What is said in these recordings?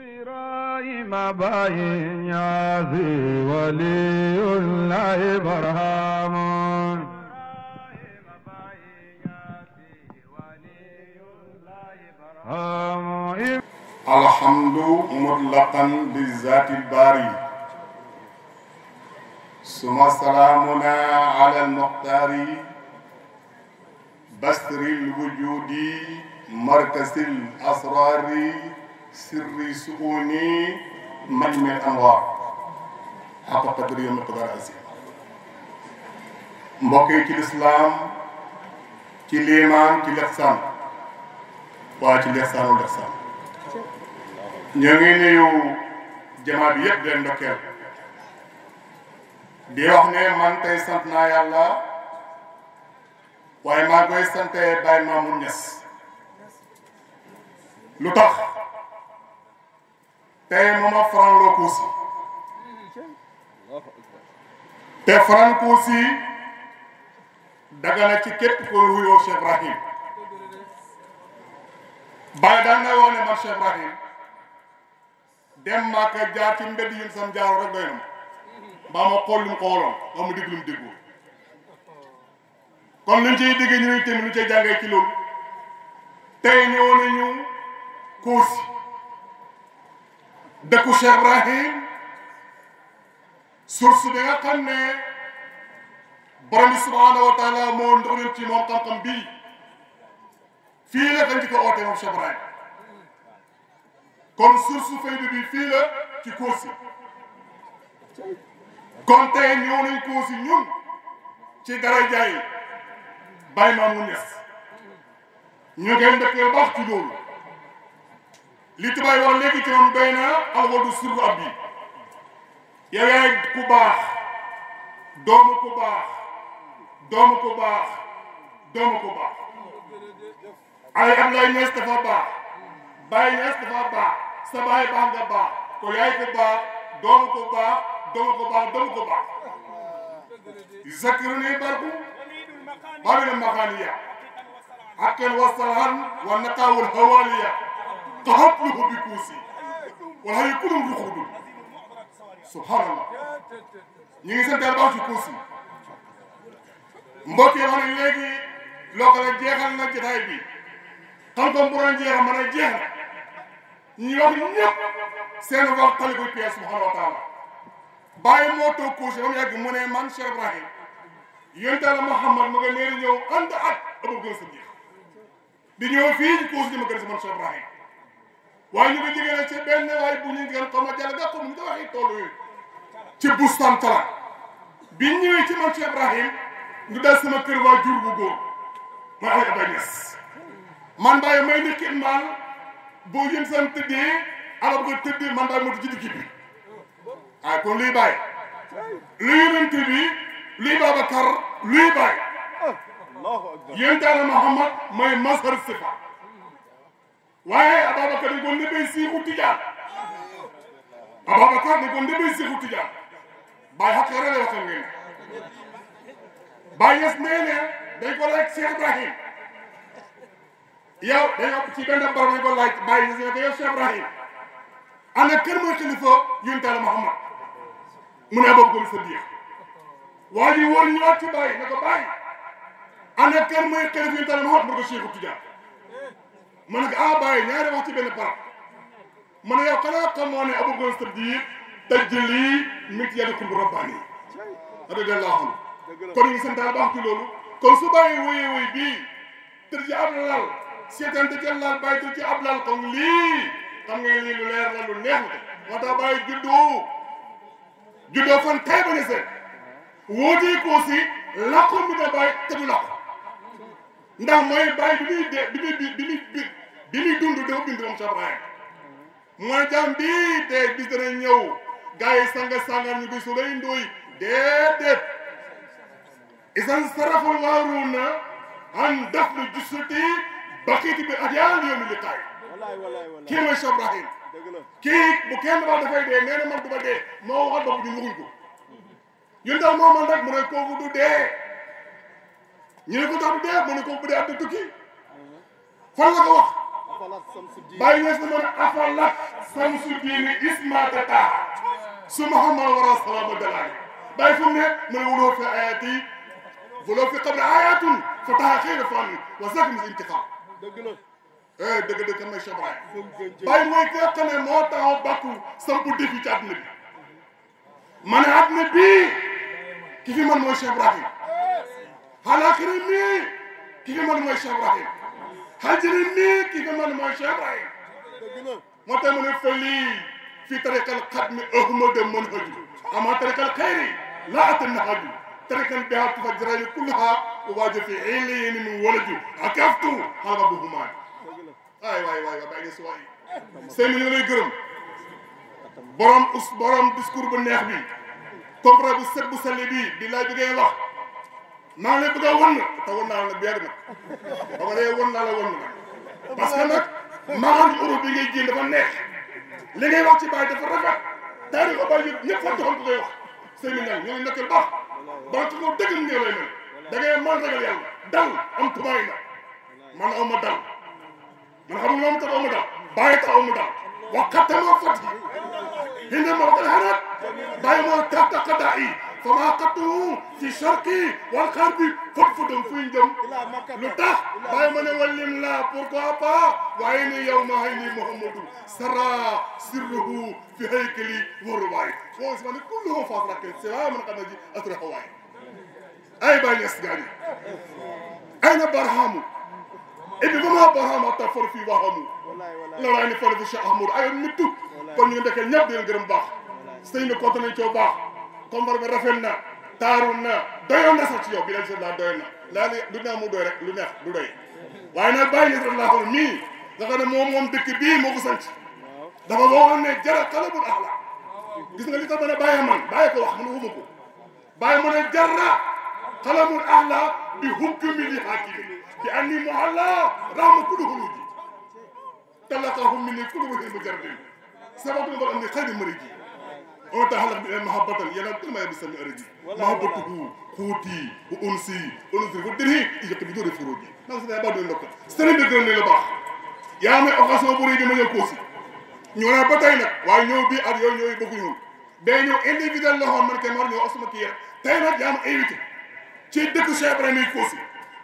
ibrahima bayi ñaasi waliyullah ibrahama alhamdu mutlaqan li zati baari suma salaamuna ala almuxtaari basri lwujudi markasi al asraari sirri suuni majmu'at anwaar xaqa qadri yawma yi ci lislaam ci liimaan ci lexsaan waa ci lexsaanul lexsaan ñoo ngi nuyu jamaa bi yëpp ndokkeel di wax ne man tey sant naa yàlla waaye maa koy sante Baye Mamour Niass lu tax te mooma Franck Locousse te Franck Locousse daga na ci képp koy wuyoo Cheikh Ibrahim Baye daan na wax ne man Cheikh Ibrahim dem Màkka jaar ci mbedd yum sam jaaro rek doy na mbaa ma xool xooloon mbaa mu dégg lu mu déggul kon luñ ciy déggee ñu ne tamit lu cay jàngee ci loolu tey ñëwoon nañu Kousi dëkku Cheikh Ibrahim source bi nga xam ne borom bi subhanahu moo ndoxal ci moom xam ko oote moom kon source fayda bi fii ci Kossy kon tey ñëw nañ Kossy ñun ci daraja yi Baye Mamoune Niass ñu ngi leen dëkkee baax ci loolu. li tubaay wax léegi ci na alwadu sirru ab bi yow yaay ku baax doomu ku baax doomu ku baax doomu ku baax ay Ablaye Niass dafa baax Baye Niass dafa baax sa baay baax baax ko yaay ku baax doomu ku baax doomu ku baax doomu ku baax zakruni barku bari na maxaaniya haqqan wasalahan wa naqawul hawaliya تهبله بكوسي وهي كلهم رخود سبحان الله ñi seen dal ba ci kuusi mbokk yi xam ne léegi loo la jeexal na jotaay bi xam-xam bu doon jeexal mën a jeexal ñi wax ñëpp seen wax talikul pie subhanahu wa taala bàyyi moo toog kuusi ba mu yàgg mu ne man Cheikh Ibrahim yonent Yàlla Muhammad mu nga neeri ñëw ànd ak abou gën sa jeex di ñëw fii kuusi di ma gën si man Cheikh Ibrahim waaye ñu ngi jigéen ci benn waay bu ñu ngeen xaw ma jàll nga xam ni nga waxee tool yi ci Bustantala bi ñëwee ci man ci Ibrahim ñu dal sama kër waa jur bu góor ma ay abañes man daay may ni kii maal boo yën seen tëddee alal nga tëddee man daay motu ci digg bi waaye kon luy bàyyi luy yonent bi luy Babacar luy bàyyi yéen daana Muhammad mooy masar waaye Ababacar ni ko ndebe Seexu Tijaan Ababacar ni ko ndebe Seexu Tijaan baay xaq yore la waxal ngeen baay yes nee ne dañ ko laaj Cheikh Ibrahim yow dañ ko ci benn barab dañ ko laaj baay yes ne ko yow Cheikh Ibrahim ana kër mooy mu ne boobu gëm sa biir waa ji wóor ñëwaat ci baay ne ko baay ma ne ko ah bàyyi ñaari wax ci benn parab ma ne yow xanaa xamoo ne Abu Bakr Siddiq tajjali mit yadikum bi rabbaani radiyallahu anhu kon ñu sant daal baax ci loolu kon su bàyyi woyee bii tër ci ab lal seetaan tër ci ab lal bàyyi tër ci ab lal kon lii xam nga lii leer la lu neex la moo tax bàyyi juddoo juddoo fan tay ba ne seet wootee koo si làqu mi da bàyyi te du làqu ndax mooy bàyyi bi muy de bi muy bi bi muy dund dafa bind moom Cheikh Ibrahim mooy jàmm bii tey bis dana ñëw gars yi sanga sangar ñu bi su lay ndóoy déedéet isan saraful waaruuna an daf lu jusuti bakiti bi ak yàlla yoomi kii mooy Cheikh kii bu kenn wax dafay dee nee na man du dee moo waxal bopp ñu waxuñ ko ñun daal moo man rek mu ne kooku dee ñu ne ko dee mu ne kooku bu dee ab uh-huh. fan la ko wax bàyyi ñes na mën a afalak samsu diini ismatata su muhammad wara salama dalaay bàyyi fu mu ne mu ne wuloo fi ayat yi wuloo fi qabla ayatun fa taxaxeena fan wa sakmi intiqam dëgg la eh dëgg dëgg kan may Cheikh Ibrahim bàyyi mooy koo xam ne moo taxaw bàkku sampu défi ci àdduna ne àdduna bii ki fi man mooy Cheikh Ibrahim xalaaxira mii man mooy Cheikh Ibrahim xaajale nii ki nga man mooy Cheikh Ibrahim moo tax mu ne fëlii fi tarikal xat mi ahmada mën haju ama tarikal xayri laa atan nahaju tarikan biha tufajirani kulluha waajo fi ilin walaju akaftu xalaba bu humaan waay waay waay bàyyi si waay seen ñu lay gërëm borom us borom discours bu neex bi comprendre bu set bu sell bi bi laa jógee wax naa ngi lay bëgg a wan na te wan naa la beer na ba ma lay wan naa la wan na parce que nag maaxam Europe bi ngay jéem dafa neex li ngay wax ci Baye dafa rafet taari ko Baye yëpp ñëpp fa joxoon ko koy wax sëñ bi nag ñooy nekkal ba ci kaw dëggam ngay lay mel da ngay man ragal yàlla dal am tubaay na man aw ma dal man xam nga moom tax aw ma dal Baye tax aw ma dal wax kattan ma fat yi hindi ma ko xanaat Baye moo tax tax famaaqatuhu fi sharqi wal xarbi fot fotam fuy jëm lu tax bàyyi ma ne wallim la pourquoi pas waaye ne yow ma hay ni Muhammadu sara fi haykali warubaay woo si ma ne kulluhum si waaye man xam na ji asraha waay ay bàyyi les gaani ay na barhamu ebi ba maa barhamu ta for fii waaxamu la waay ni fol bu Cheikh kon ñu ngi ndeke ñëpp di leen gërëm baax sëñ bi kontaan baax tombar ba rafet na taaru na doyoon na sax ci yow bi leen sëñ doyoon na laal lu neex mu doy rek lu neex du doy waaye nag bàyyi na laa ko mii nga xam ne moom moom dëkk bii moo ko sant dafa waxoon ne jara talabul axla gis nga li tax ma ne bàyyi man bàyyi ko wax mu ne wuma ko bàyyi mu ne jara talabul axla bi hukmi li hakim bi anni muhalla rahma kullu huluji talaqahum minni kullu wajhin mujarrabin sababtu ba am ne xëy na mëri ji on taxalak bi en mahabbatan yana tellement bisami aridi mahabbatuhu xuuti o unsi onusi fo diri iyakti bi jode furoji nan sata ba don dokka sene be gënal la baax yaa may occasion bu rëy di ma ñëw koosi ñoo naa ba tey nag waaye ñëw bi ak yooyu ñooyu bëggu ñoon day ñëw individuel la xoon man kenn war kii yar yaa ma invité ci dëkk Cheikh Ibrahima Koosi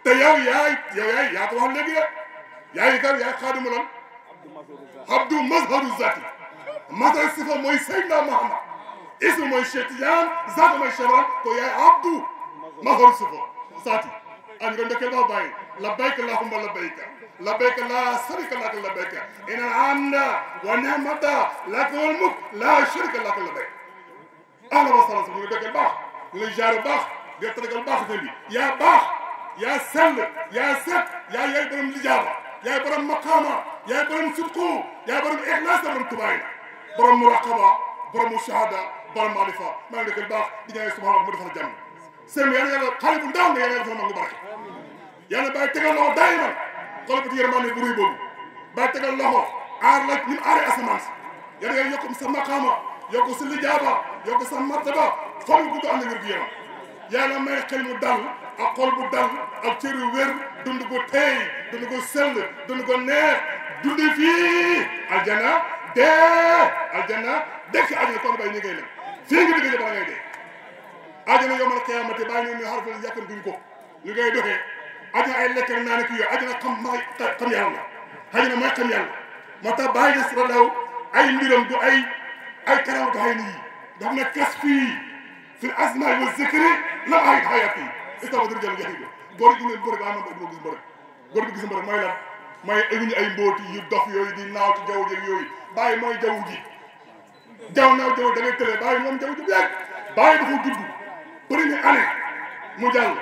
te yow yaay yow yaay yaa ko wax léegi la yaay gar yaay xaadimu lan Abdou Mazharu Zati masal sifa mooy ismu mooy Cheikh Tidiane zaatu mooy Cheikh Ibrahim ko yaay abdu mahor sufo saati an go ndeke ɗo bayi labbayka lahumma labbayka labbayka la sarika laka labbayka ina amna wa ni'mata laka wal mulk la sharika laka labbayk ahla wa sala ñu dëggal baax ñu lay jaar baax di tërgal baax te bi yaa baax yaa sell yaa set yaa yaay borom lijaaba yaay borom maqaama yaay borom sidqu yaay borom ixlaas borom tubaay borom muraqaba borom mushahada borom maa di fa maa ngi dëkkal baax di ñaan subhanahu mu defal jàmm seen yàlla yàlla xale bu ndaw nga yàlla defal nangu barke yàlla bàyyi tegal loxo daay man xoolal ko yërmande bu rëy boobu bàyyi tegal loxo aar la ñu aaree asamaan si yàlla yàlla yokk sa maqaama yokk sa lijaaba yokk sa martaba xool bu gudd am na wér gu yaram yàlla may xel mu dal ak xol bu dal ak cër dund ko teey dund ko sell dund ko neex dund fii aljana dee aljana dekk aljana kon fii nga dëgg bala ngay dee ajana yomal xiyaamate bàyyi noonu ñu xarfal yàkkam duñ ko li ngay doxee ajana ay lekk ak naan ak yooyu ajana xam may xam yàlla ajana mooy xam yàlla moo tax bàyyi des radaw ay mbiram du ay ay karaw daxay nii daf ne kas fii fil asma wa zikri la ay xayaat yi istabadr jam jaxi góor gi ngeen góor gi ba du ma gis mbërëk gi gis mbërëk mooy lan mooy ëguñu ay mbóoti yu dof yooyu di naaw jaw jaww ji yooyu bàyyi mooy jaww ji jaww naaw jaww da ngay tële bàyyi moom jaww ji bu yàgg bàyyi dafa judd première année mu jàll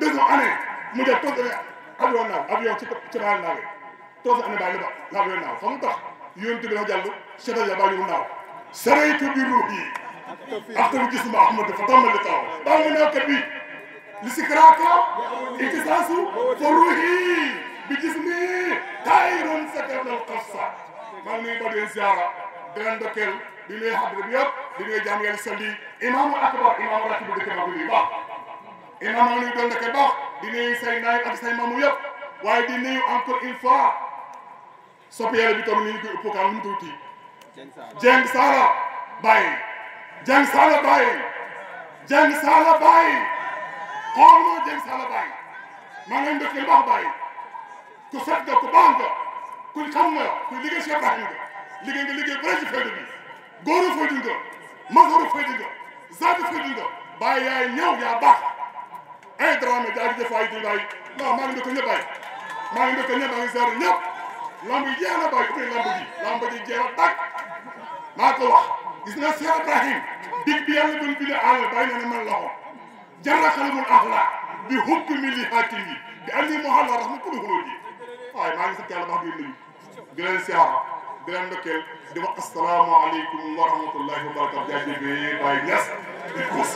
deuxième année mu jàll toog avion naaw avion ci ci bàyyi naaw toog année bàyyi la avion naaw xam nga tax yónent bi dafa jàll cheta ya bàyyi naaw saraytu bi ruuhi axtaru gisma ahmad fa tàmbali taw bàyyi naaw kat bi li si karaaka iktisaasu fa ruuhi bi gismi tayrun sakanal xafsa maa ngi nuyu ba dee ziara dinañ ndokkeel di nuyu xadra bi yëpp di nuyu jàmm yàlla sëndi akbar imaamu rakk bi dëkk na bu baax imaam am nañu doon dëkk baax di nuyu say naay ak say waaye di nuyu encore une fois soppi yàlla bi tam ni ñu koy uppkaam nu mu tuuti jeng saala bàyyi jeng saala bàyyi jeng saala bàyyi xool moo jeng saala bàyyi maa ngi leen baax bàyyi ku set nga ku baax nga kuñ liggéey Cheikh Ibrahim liggéey nga liggéey bu bi góoru Foydingo magoru Foydingo zaatu Foydingo bàyyi yaay ñëw yaa baax ay Dramé jaajëf ay Dulaay non maa ngi dëkk ñëpp ay maa ngi dëkk ñëpp maa ngi ziar ñëpp lamb yi jeex na bàyyi ubbi lamb ji lamb ji jeex maa ko wax gis nga Cheikh Ibrahim dig bi yàlla doon bindee àll bàyyi na ne man loxo jara xalabul axla bi hukk mi li xaatim yi bi anni mohalla raxma kulu xuloo ji waaye maa ngi sant yàlla baax bi nuyu di leen di leen ndokkeel di wax asalaamaaleykum wa rahmatullahi wa barakatu jaajëf bi Baye Niass di kuus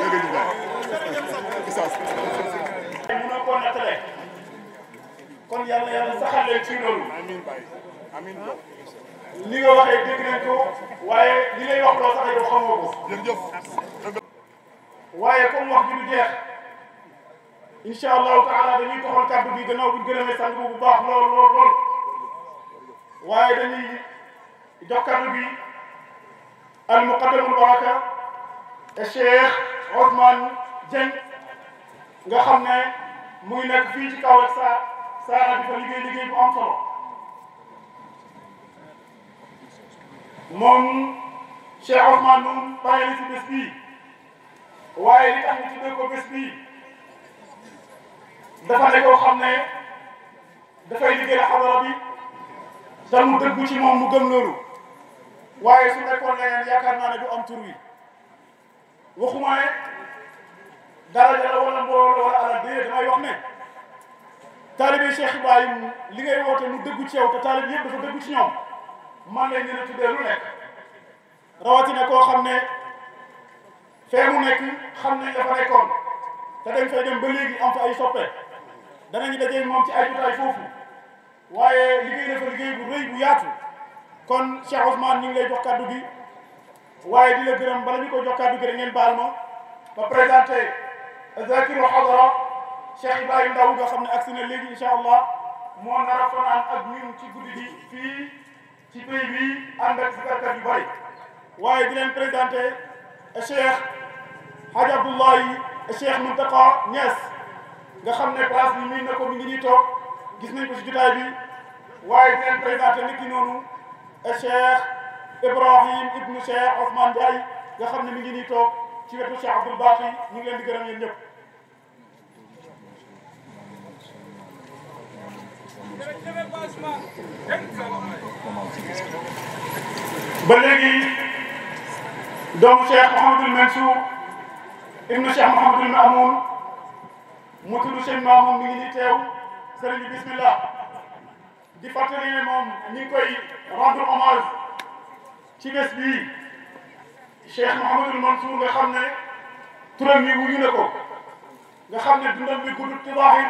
dégg ñu Baye isaas mu na koo nattale kon yàlla yàlla saxal leen ci loolu amiin Baye amiin ni nga waxee dégg nañ ko waaye li ngay wax loo sax yow xamoo ko jërëjëf waaye comme wax bi du jeex incha allahu taala dañuy toxal kàddu gi gannaaw bu ñu gërëmee sànq bu baax lool lool lool waaye dañuy jox kàddu bi al muqaddamul baraka Cheikh Ousmane Dieng nga xam ne mu ngi nekk fii ci Kaolack saa saa di fa liggéey liggéey bu am solo moom Cheikh Ousmane moom bàyyi na ci waaye li tax ñu tuddee ko bés bii xam ne dafay liggéey xadara bi. te mu dëggu ci moom mu gën loolu waaye su nekkoon leneen yaakaar naa ne du am tur wi waxuma ne daraja la wala mbooloo wala alal déedéet damay wax ne taalibe Cheikh Ibrahim li ngay woote mu dëggu ci yow te taalibe yëpp dafa dëggu ci ñoom man lañ leen a tuddee lu nekk rawatina koo xam ne fee mu nekk xam nañ dafa nekkoon te dañ fay dem ba léegi am fa ay soppe danañ daje moom ci ay jotaay foofu waaye liggéey na fa liggéey bu rëy bu yaatu kon Cheikh Ousmane ñu ngi lay jox kàddu gi waaye di la gërëm bala ñu ko jox kàddu gi rek ngeen baal ma ba présenté zakiru xadara Cheikh Ibrahima Ndaw nga xam ne agsi ne léegi incha allah moo nar a an ak ñun ci guddi gi fii ci pays bi ànd ak sikarkat yu bëri waaye di leen présenté Cheikh Hadj Abdoulaye Cheikh Mountakha Niass nga xam ne place bi miin na ko mi ngi nii gis nañ ko si jotaay bi waaye dinañ présenté nit ki noonu Cheikh Ibrahim ibnu Cheikh Ousmane Ndiaye nga xam ne mi ngi nii toog ci wetu Cheikh Abdoul Baqi ñu ngi leen di gërëm yéen ñëpp. ba léegi doomu Cheikh Mouhamadul Mansour ibnu Cheikh Mouhamadul Mamoun mu tudd Cheikh Mamoun mi ngi nii teew. sëriñ bi bismillah di fàttali ne moom ñu ngi koy rendre hommage ci bés bii Cheikh Mouhamadul Mansour nga xam ne turam yi wuyu na ko nga xam ne dundam bi guddut ci baaxir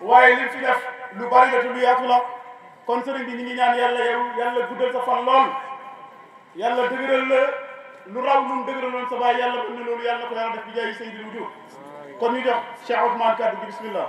waaye li fi def lu bari la te lu yaatu kon sëriñ bi ñu ngi ñaan yalla yow yàlla guddal sa fan lool yàlla dëgëral la lu raw lu mu dëgëraloon sa baay yàlla ba ne loolu yàlla ko yàlla def bi jaay Seydil kon ñu jox Cheikh Ousmane kaddu bismillah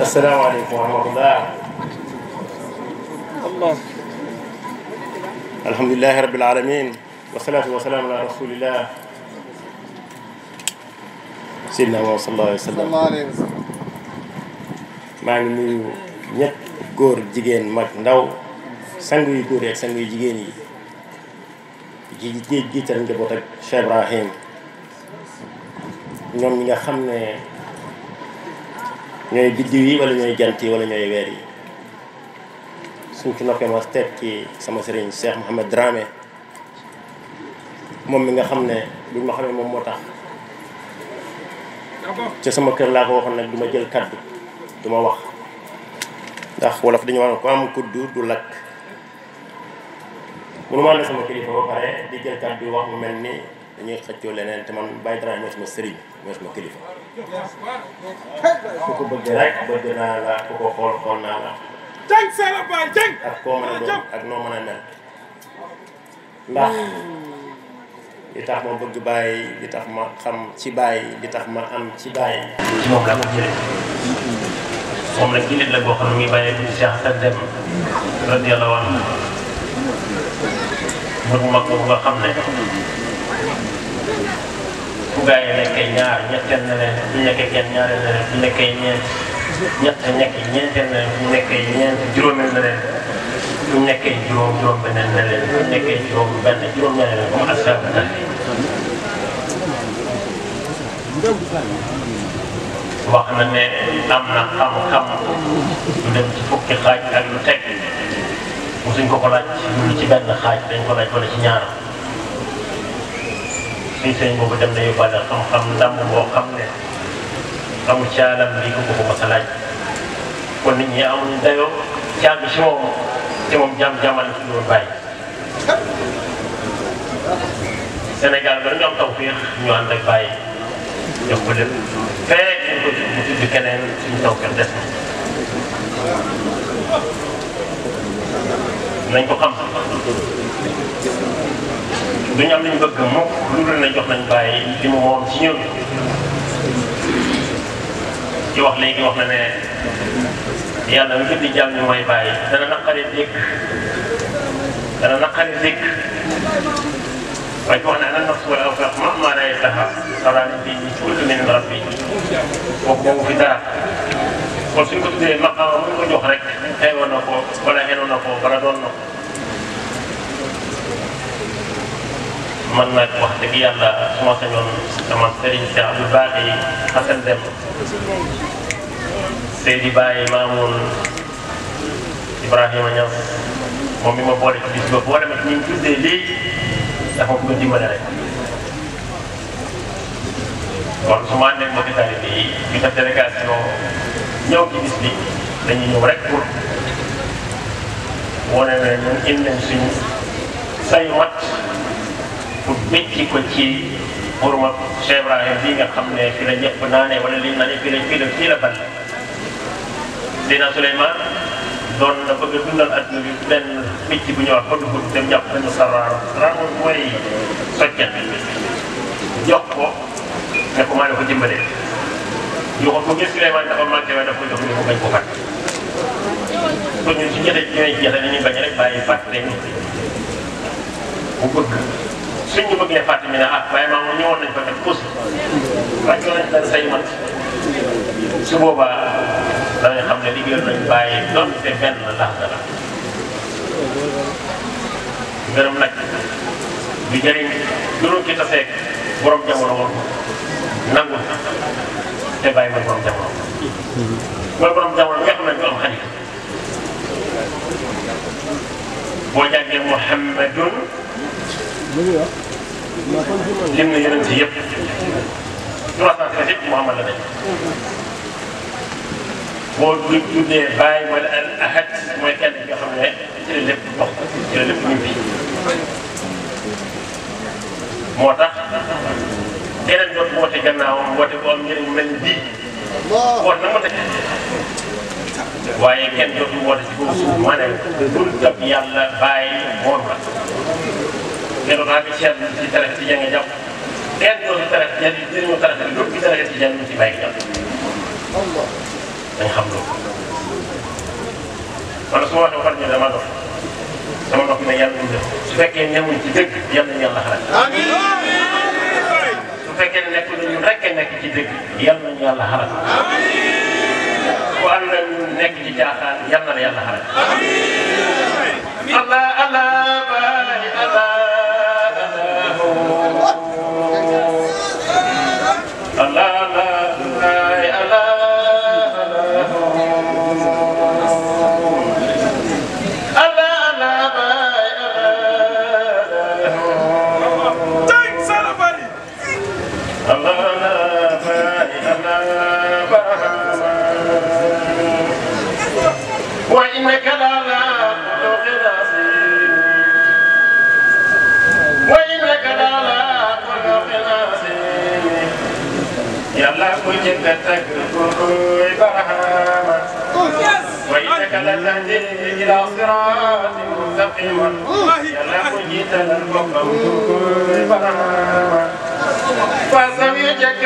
asalaamaaleykum wa rahmatulah. alhamdulilahi rabil aalamiin wasalaatu wasalaam ala rasulillah. sidna Muhammad sallallahu alayhi wa sallam. maa ngi nuyu ñëpp góor jigéen mag ndaw sangu yu góor yi ak sangu yu jigéen yi. ji ji jiital njaboot ak Cheikh Ibrahim ñoom ñi nga xam ne ñooy biddiw yi wala ñooy jant yi wala ñooy weer yi suñ ci noppee ma teg ci sama sëriñ Cheikh Mouhamed Dramé moom mi nga xam ne buñ ma xamee moom moo tax ca sama kër laa ko waxoon nag du ma jël kaddu du ma wax ndax wolof dañu wax ne ko am kuddu du lakk munu maa ne sama kilifa ba pare di jël bi wax mu mel ni dañuy xëccoo leneen te man Baye Dramé mooy sama sëriñ mooy sama kilifa ku ko bëgg rek bëgg naa la ku ko xool xool naa la jàng seela baay jàng ak koo mën a doon ak noo mën a mel ndax li tax ma bëgg bàyyi li tax ma xam ci bàyyi li tax ma am ci bàyyi moom laa ko jëlee la boo xam ne muy bàyyi ci Cheikh Sadem radiyallahu anhu mu mag boobu nga xam ne bu gaa yi nekkee ñaar ñetteel na leen bu nekkee kenn ñaareel na leen bu nekkee ñeent ñett ñekk ñeenteel na leen bu nekkee ñeent juróomeel na leen bu nekkee juróom juróom beneen na leen bu nekkee juróom benn juróom ñaar na leen comme asaka na wax na ne am na xam-xam lu dem ci fukki xaaj ak lu teg musuñ ko ko laaj lu ci benn xaaj dañ ko laaj ci ñaar fii sëñ boobu dem na yóbbaale xam-xam ndam boo xam ne amu caalam lii ko ko ko sa laaj kon nit ñi amuñ dayoo jaam bi si moom te moom jaam jaamal ci doon bàyyi. Sénégal ba dañoo am tawféex ñu ànd ak bàyyi jox ko lépp fekk nañ ko xam duñu am liñ bëgg mukk lu dul ne jox nañ bàyyi li mu moom ci ñun wax léegi wax na ne yàlla di jàmm mooy bàyyi dana naqari dégg dana naqari dégg waaye ci wax ne ala nafsu wala awsaq ma maa lay taxa salaam fi kulli min rabbi kooku boobu fi dara kon suñ ko tuddee maqaama mu ko jox rek xewoon na ko wala xenoon na ko wala doon na ko man nag wax dëgg yàlla su ma sañoon sama sëriñ si Abdou Baaxi Xasan Dem Seydi Baye Mamoun Ibrahima Niass moom mi ma boole ci bis ba boo demee ci ñu tuddee lii dafa bëgg a dimbale rek kon su ma àndee mbokki taalibe yi ñu def délégation ñëw ci bis bi dañuy ñëw rek pour wane ne ñun indi nañ suñu sayu mat pour bécc ci burma Cheikh Ibrahim bii nga xam ne fi la ñëpp naanee wala liñ naanee fii la fii la fii la ban dina Souleymane doon na bëgg a dundal adduna bi benn picc bu ñëwaat ba dugg dem jàpp nañu saraan saraan mooy soccet jox ko ne ko maa ne ko dimbalee yoo xam mu gis Souleymane dafa manqué waaye dafa jox ñu ko bañ ko fàtte kon ñun ci ñeneen ñooy jeexal dañuy bañ rek bàyyi fàtte leen bu bëgg suñ bëggee fàtte mi ne ah waaye maa ngi ñëwoon nañ fa def aussi waaye ñëw nañ dara say man su boobaa da nga xam ne liggéeyal nañ bàyyi donte benn lax dara gërëm nag di jëriñ juróom ci taseeg borom jamono woon nangul te bàyyi mooy borom jamono mooy borom jamono nga xam ne du am xarit boo jàngee Muhammadun lim na yonent yëpp 337 Muhammad la nekk boo tuddee Baye wala al ahad mooy kenn ki nga xam ne ci la lépp bokk ci la lépp ñu fi moo tax. yeneen ñoom bu wootee gannaawam woote bu am njëriñ mel ni bii woot na mu tëj waaye kenn dootu woote ci kaw suuf maa ne dul gëm yàlla bàyyi moom la. ci tarixa ci jàng jàpp kenn dootu tarixa jàng jëriñu tarixa bi lépp ci tarixa ci jàng ci bàyyi jàpp dañ xam loolu. wala su ma waxee waxal ñu dama dox dama dox ne yàlla nañ def su fekkee fekkee nekk ci dëgg yal nañu yàlla xaral ku ànd ak ñun nekk ci jaaxaan yal na la yàlla xaral. allah allah. إنك لعلى خلق عظيم وإنك لعلى خلق عظيم يلا كنت تكبر برهاما وإنك لتهدي إلى صراط مستقيم يلا كنت للبقر برهاما فسميتك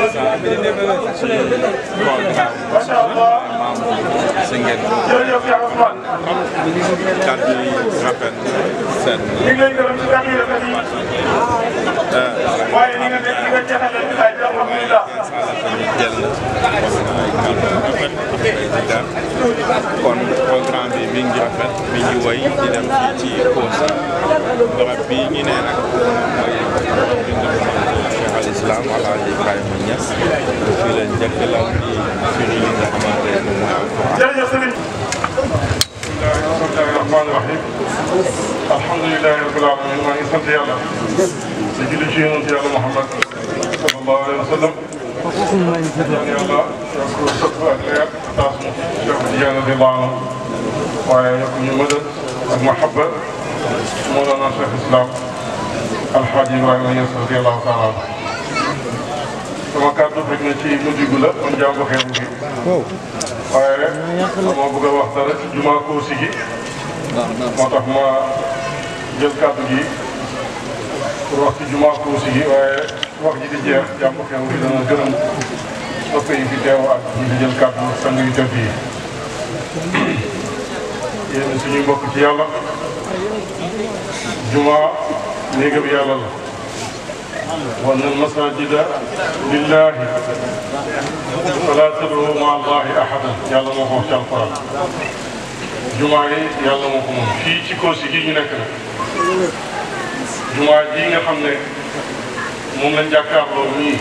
jërëjëf yaa Ousmane. kàddu yi rafet seen. ñu ngi lay gërëm ci kàddu yi rafet yi. waaye li nga def li nga jeexalee ci laaj bi alhamdulilah. kon programme bi mi ngi rafet mi ngi woy di dem fii ci pause barab bii ñu ne nag mooy l'islam Alaaji Ibrahima Niass fii la njëkk la ci suñu li nga xamante ne moom mooy alquran. jërëjëf sëriñ. bismillahi rahmaani rahim. alhamdulilahi rabbil alamin maa ngi sant yàlla. di julli ci yonent yàlla Muhammad sallallahu alayhi wa sallam. yàlla yokk sëpp ak leer taas mu Cheikh Tidiane di baana waaye yokk ñu mëdal ak mahabba moo doon Cheikh Islam Alxaaji Ibrahima Niass radiyallahu taala sama kàddu bi na ci mujj gu la man jàngu xew gi waaye rek dama bëgg a wax dara ci jumaa Kossy gi moo tax ma jël kàddu gi pour wax ci jumaa Kossy gi waaye wax ji di jeex jàngu xew gi dana gërëm soppe yi fi teew ak ñi di jël kàddu sang yu tëdd yi yéen suñuy mbokk ci yàlla jumaa néegam yàlla la وأن المساجد لله فلا تدعوا مع الله أحدا yàlla moo ko wax ci alquran jumaa yi yàlla moo ko moom fii ci Kossy gii ñu nekk nag jumaa ji nga xam ne moom lañ jàkkaarloo nii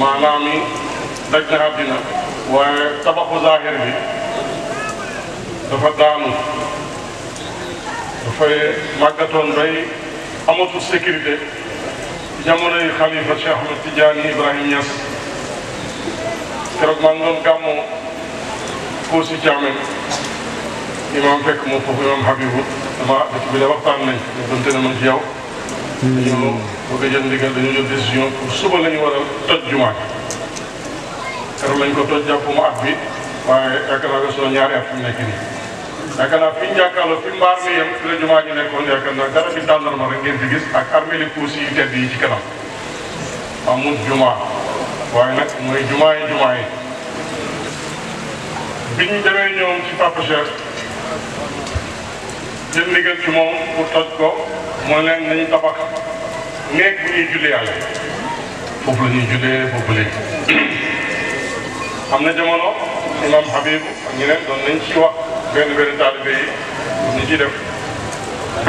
maanaam mi daj na àddina waaye tabaxu zaahir bi dafa daanu dafay màggatoon bay amatul sécurité jamono yi xalifa Cheikh Ahmed Tidiane Ibrahima Niass keroog maa ngi doon gàmmu Kossy Thiamène imaam fekk moom foofu imaam Habibu dama dëkk bi la waxtaan nañ donte ne man ci yow. dañoo hmm. bëgg a jël ndigal dañoo jël décision pour suba la ñu toj jumaa keroog lañ ko toj jàpp mu at bi waaye yaakaar naa ne soo ñaari at fi mu nekk yaakaar naa fi ñu jàkkaarloo fi mbaar mi yem fi la jumaa ji nekkoon yaakaar naa dara bi tàllal ma rek ngeen di gis ak armeli kuusi yu tedd yi ci kanam amul jumaa waaye nag mooy jumaa yi jumaa yi bi ñu demee ñoom ci Papa Cheikh jël ndigal ci moom pour toj ko mooy leen nañu tabax néeg bu ñuy jullee yàlla foofu la ñuy jullee foofu léegi am na jamono imam Habib ak ñeneen doon nañ ci wax benn benn taalibe yi ñu ciy def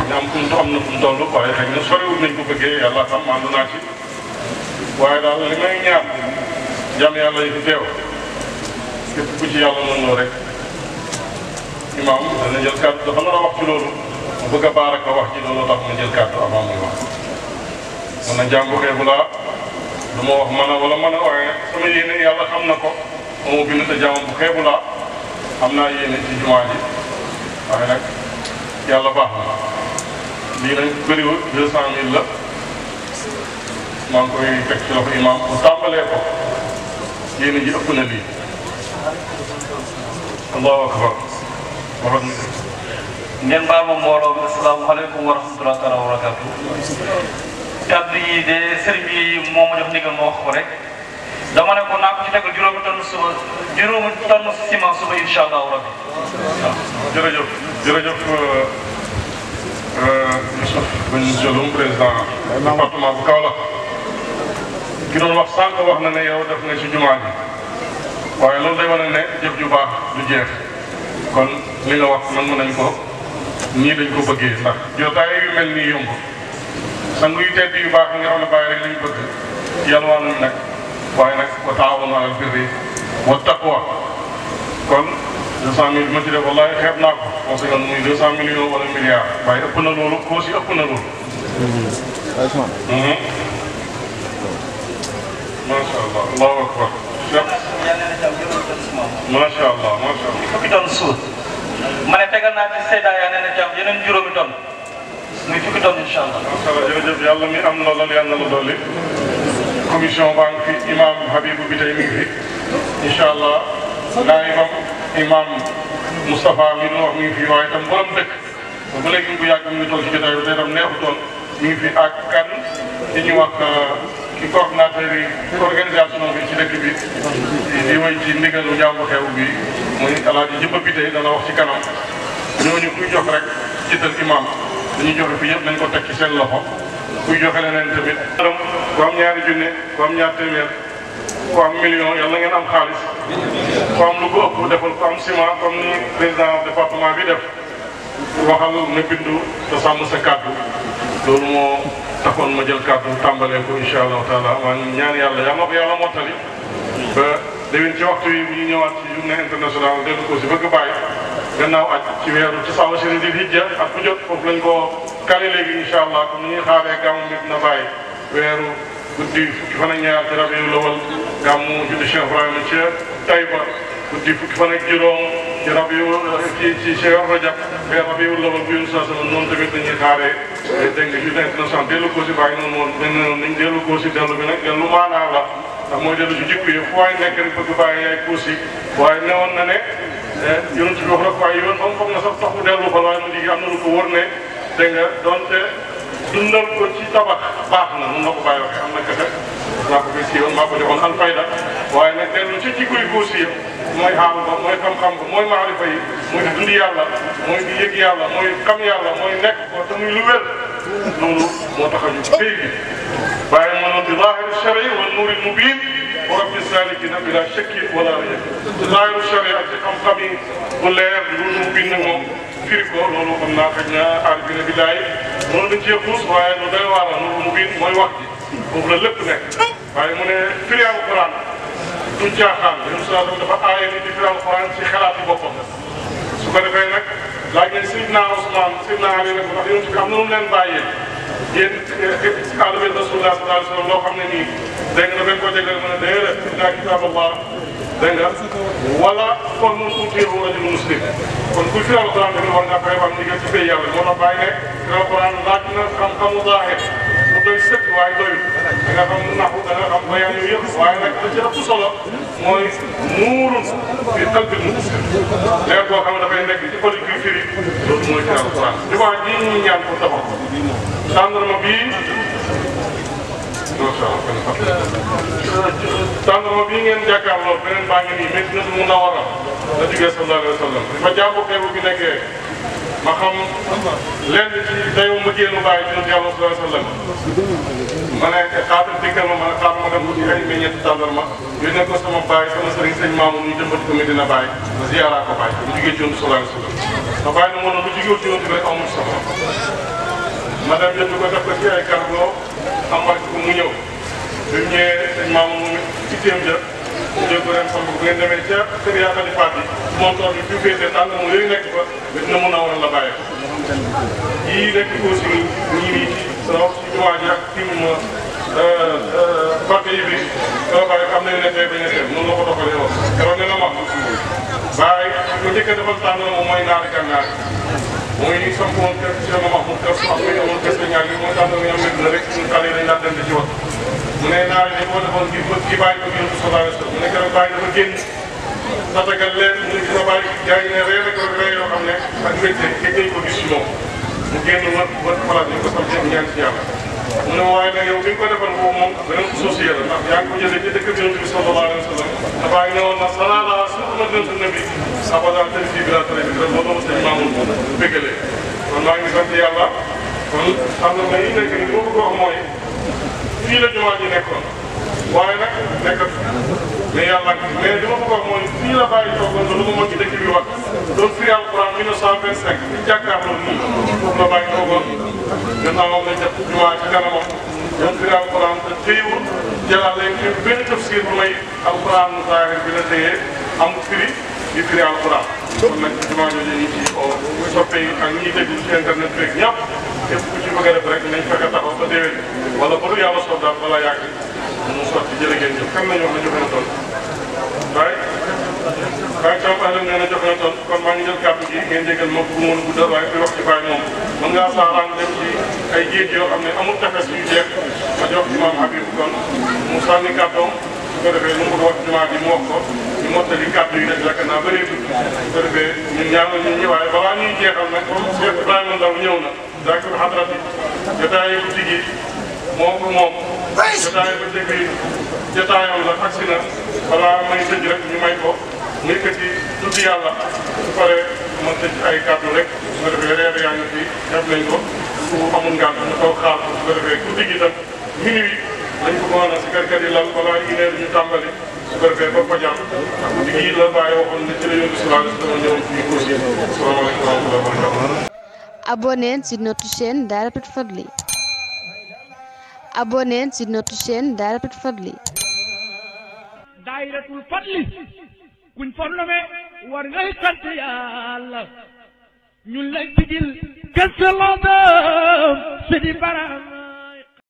ñu am fu mu am na fu mu toll waaye xëy na soriwul nañ ko bëggee yàlla xam ànd naa ci waaye daal li may ñaar jàmm yàlla yi fi teew képp ci yàlla mën loo rek imaam dana jël kàddu dafa a wax ci loolu a wax ci tax ma jël kàddu avant muy wax mën na jàmm xeebu du ma wax mën a wala mën a waaye sama yéene yàlla xam na ko moom bind te jàmm bu xeebu am naa yéene ci jumaa ji waaye nag yàlla baax na lii nag bëriwul deux cent mille la maa ngi koy teg ci loxo imaam bu tàmbalee ko yéene ji ëpp na lii allahu akbar waxat ni ngeen baal ma mbooloo mi asalaamaaleykum wa rahmatulah taala wa barakaatu. kàddu yi de sëriñ bi moo ma jox ndigal ma wax ko rek dama ne ko naa ko ci tegal juróomi tonn suba juróomi tonn ciment suba incha allahu rabbi. waaw jërëjëf jërëjëf Youssouf Ben Dioloum président département bu Kaolack ki doon wax sànq wax na ne yow def nga ci jumaa ji waaye loolu day wane ne jëf ju baax du jeex kon li nga wax nangu nañ ko nii dañ ko bëggee ndax jotaay yu mel nii yomb sang yu tedd yu baax yi nga xam ne bàyyi rek lañ bëgg waaye nag wa taawanu alal birri wa taqwa kon 200000 bi ma ci def wallaahi xeeb naa ko parce que muy 200 millions wala milliard waaye ëpp na loolu aussi ëpp na loolu. Mm-hmm. Mm-hmm. macha allah allahu akbar. macha allah macha allah. fukki tonn suuf ma ne tegal naa ci Seyda yaa ne na jàmm yeneen juróomi tonn muy fukki tonn allah. mi am na loolu commission baa ngi imam Habibou bi tey fi incha allah naayibam imam Moustapha mi nu wax mi ngi fi waaye itam borom dëkk ba léegi bu yàgg mi ngi toog ci jotaay bi tey tam mi fi ak kan di ñu wax euh, ki coordonnateur yi organisation bi ci dëkk bi di way ci ndigalu njàmbu xew bi muy alaaji jëbba bi tey dana wax ci kanam ñooñu kuy rek jiital imam dañuy joxe fi yëpp nañ ko teg ci loxo kuy joxe leneen tamit dërëm ku am ñaari junne ku am ñaar téeméer ku am million yàlla na ngeen am xaalis ku am lu ko ëpp defal ku am ciment comme ni président département bi def waxal na bindu te sàmm sa moo taxoon ma jël kàddu tàmbalee ko incha allahu taala maa ngi ñaan yàlla yàlla na ko yàlla mottali ci waxtu yi bu ñu ñëwaat ci journée internationale dellu ko si bëgg bàyyi gannaaw aj ci weeru ci sawa seen di hijja ak bu ko foofu lañ koo kale léegi incha allah comme ni ñuy xaaree gàmmu mit na bàyyi weeru guddi fukki fan ak ñaar ci rabiul awal gàmmu juddu Cheikh Ibrahima ci Taïba guddi fukki fan ak juróom ci rabiul ci ci Cheikh Rajab rabiul awal bu yun sasana noonu tamit dañuy xaaree eh, dégg nga journée internationale dellu koo si bàyyi noonu moom benn noonu niñ dellu koo si dellu bi nag dellu maanaa la ndax mooy dellu si jikko yi fu waay nekk rek bëgg bàyyi yaay koo si waaye newoon na Eh, yonent bi wax na ko waaye yoon moom foog na sax tax mu dellu fa waaye am na lu ko wóor ne dégg nga donte dundal ko ci tabax baax na mun na ko bàyyi waxee am na gëfër naa ko gis yoon maa ko defoon alfayda waaye nag dellu ci ci kuy góos yi mooy xaaral mooy xam-xam mooy maarifa mooy di dund yàlla mooy di yàlla mooy xam yàlla mooy nekk ko te muy lu wér moo tax a ñu béy bi bàyyi ma noonu di zaahir shari borom ci salikina bila shakki wala rayb zaahiru sharia ci xam-xam yi bu leer lu mu bind moom firi ko loolu xam naa xëy na aar bi ne bi laay noonu lañ cee xuus waaye lu doy waar la loolu mu bind mooy wax ji foofu la lépp nekk waaye mu ne firi alquran duñ caaxaan yéen saa dafa aaye ni di firi alquran ci xalaat yi boppam su ko defee nag laaj nañ Sidna Ousmane Sidna Ali rek ndax yéen ci am na lu leen bàyyee yéen taalibe Rasulullah sallallahu alayhi wa sallam loo xam ne nii dégg nga dafay ko jégal ma ne dégg nga dinaa nga wala kon ba am ndigal ci fay yàlla moo tax bàyyi ne mu doy sëkk waaye doyul da nga xam naxu da xam bayaan yooyu yëpp waaye nag li ci ëpp solo mooy muurun fi qalbil muslim leer boo xam ne dafay nekk ci xol yi kuy firi loolu mooy ci alquran di waa ji ñuy ñaan pour tabax tàndarma bii macha allah tàndarma bii ngeen jàkkaarloo beneen baa ngi nii Madinatu Munawwara la jugee sallallahu alayhi wa sallam ma jàpp xeebu bi nekkee ma xam lenn ci dayoo ma jéem a bàyyi ci ñun ma ne xaaral dikkal ma ma ne xaaral ma dem ci ay meññeent tàndarma yónnee ko maamu ñu jëmbat ko Medina Baye ziyaara ko bàyyi mu jugee ci ñun sallallahu alayhi wa sallam te bàyyi na mu ne lu madame jënd ko def ko ci ay cargo amal ko mu ñëw mu ñëwee sëñ maama mu ngi ci téem ja mu jël ko ren bu ngeen demee ca kër yaa xam ne moom tool bi bu fekkee mu yooyu nekk fa ba dina mun a la bàyyi yii nekk aussi ñu ngi nii sa wax ci jumaa ji ak kii ma barke yi bi sama xam nañ ne tey bañ a dem noonu la ko doxalee woon keroog ne la wax waaye bu njëkk dafa tànn moom mooy naar gànnaar mooy ni samp woon kër ci sama Mahmoud kër su amee amoon kër ñaar yi moom nga ñoom la rek suñu xale yi dañ daan dem ci wax mu ne naar yi dañ ko defoon ngir bëgg ci bàyyi ko yëngu sa bàyyi mu ne keroog bàyyi dafa génn tatagal leen mu ne dina bàyyi jaay ne ree rek rek ree yoo xam ne ak mbégte ko gis ci moom mu ne waaye nag yow bi nga ko defal foofu moom beneen suuf si yàlla ndax yaa ngi ko jëlee ci dëkk bi yonent bi sallallahu alayhi wa sallam dafaa ñëwoon na salaala suufma dent na bi abadan tëri fii bi laa tëri bi rek boo doon sëñ Mamoun bëggalee kon maa ngi sant yàlla kon yi nekk waaye nag nekk mais yàlla ko wax fii la bàyyi toogoon na lu ma mën ci dëkk bi wax doon firi alquran 1925 ci jàkkaarloo nii foofu la bàyyi toogoon gannaaw moom lañ def jumaa ci kanamam doon firi alquran te téyewul jëlaat leen ci benn tafsir bu may alquran zaahir bi la téye am firi di firi alquran kon nag jumaa jooju ñu ci soppe yi ak ñiy déglu ci internet beeg ñëpp képp ku ci bëgg a def rek nañ fekk taxaw ba déwén mu sotti jërë ngeen jëf xam nañu wax ne joxe na tool waaye waaye Ba nee na na tool kon maa ngi jël kàddu gi ngeen ma pour a guddal waaye fi ci bàyyi moom mën ngaa saaraan dem ci ay géej yoo xam ne amul tefes yu jeex ma jox imam Habib kon mu sànni kàddoom su ko defee wax jumaa bi mu wax ko ñu mottali kàddu yi nag yaakaar naa bëreetul su ko defee ñi waaye balaa ñuy jeexal nag comme Cheikh Ibrahima Ndaw ñëw na daa ko xadrati jotaay bu tigi moo moom jotaay bu njëkk yi jotaayam la agsi na balaa may tëj rek ñu may ko mu yëkkati tudd yàlla su paree mën tëj ay kàddu rek su ko reer yaa ngi fi su amul ngànt ñu gi tam minuit lañ ko mën a si kër yi balaa une ñu tàmbali su ko defee ba ko jàpp guddi la bàyyi waxoon ne ci la yóbbu si laaj dama ñëwoon fii góor yi asalaamaaleykum wa rahmatulah abonnez sur notre chaîne Dahiratoul abonnez sur notre chaîne Dahiratoul Fadly Dahiratoul Fadly kuñ fornome war ngay sant yàlla ñun lay digil kese la dem si di baram